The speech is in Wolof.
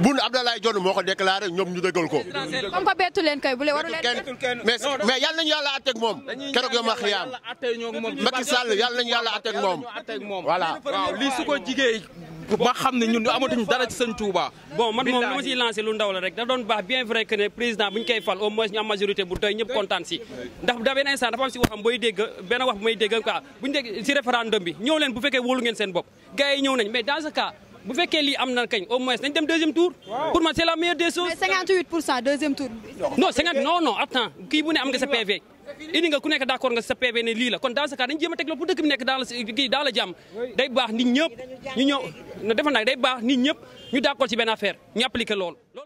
Boun Abdallah Dionne moo ko déclaré ñoom ñu dëggal ko. comme ko bettu kay bu leen waru leen mais yal nañu yàlla àtteeg moom. keroog yow ma xiyaam Macky Sall yal nañu yàlla àtteeg moom. voilà waaw lii ko jigéen ba xam ne ñun amatuñu dara ci sëñ Touba. bon man moom li ma siy lu ndaw rek da doon baax bien vrai que président bu ñu fal au moins ñu am majorité bu doy ñëpp kontaan si. ndax da benn instant dafa am si waxam booy dégg benn wax bu may dégg quoi bu ñu dégg bu fekkee lii am na kañ au moins nañ dem deuxième tour. pour man c'est la meilleure des choses. mais 58 pour cent deuxième tour. non 50 non non kii bu ne am nga sa PV. indi nga ku nekk d'accord nga sa PV ne lii la kon dans ce cas dañu jéem a teg loolu pour nekk dans la day baax nit ñëpp ñu ñëw na defal nag day baax nit benn affaire ñu appliquer loolu.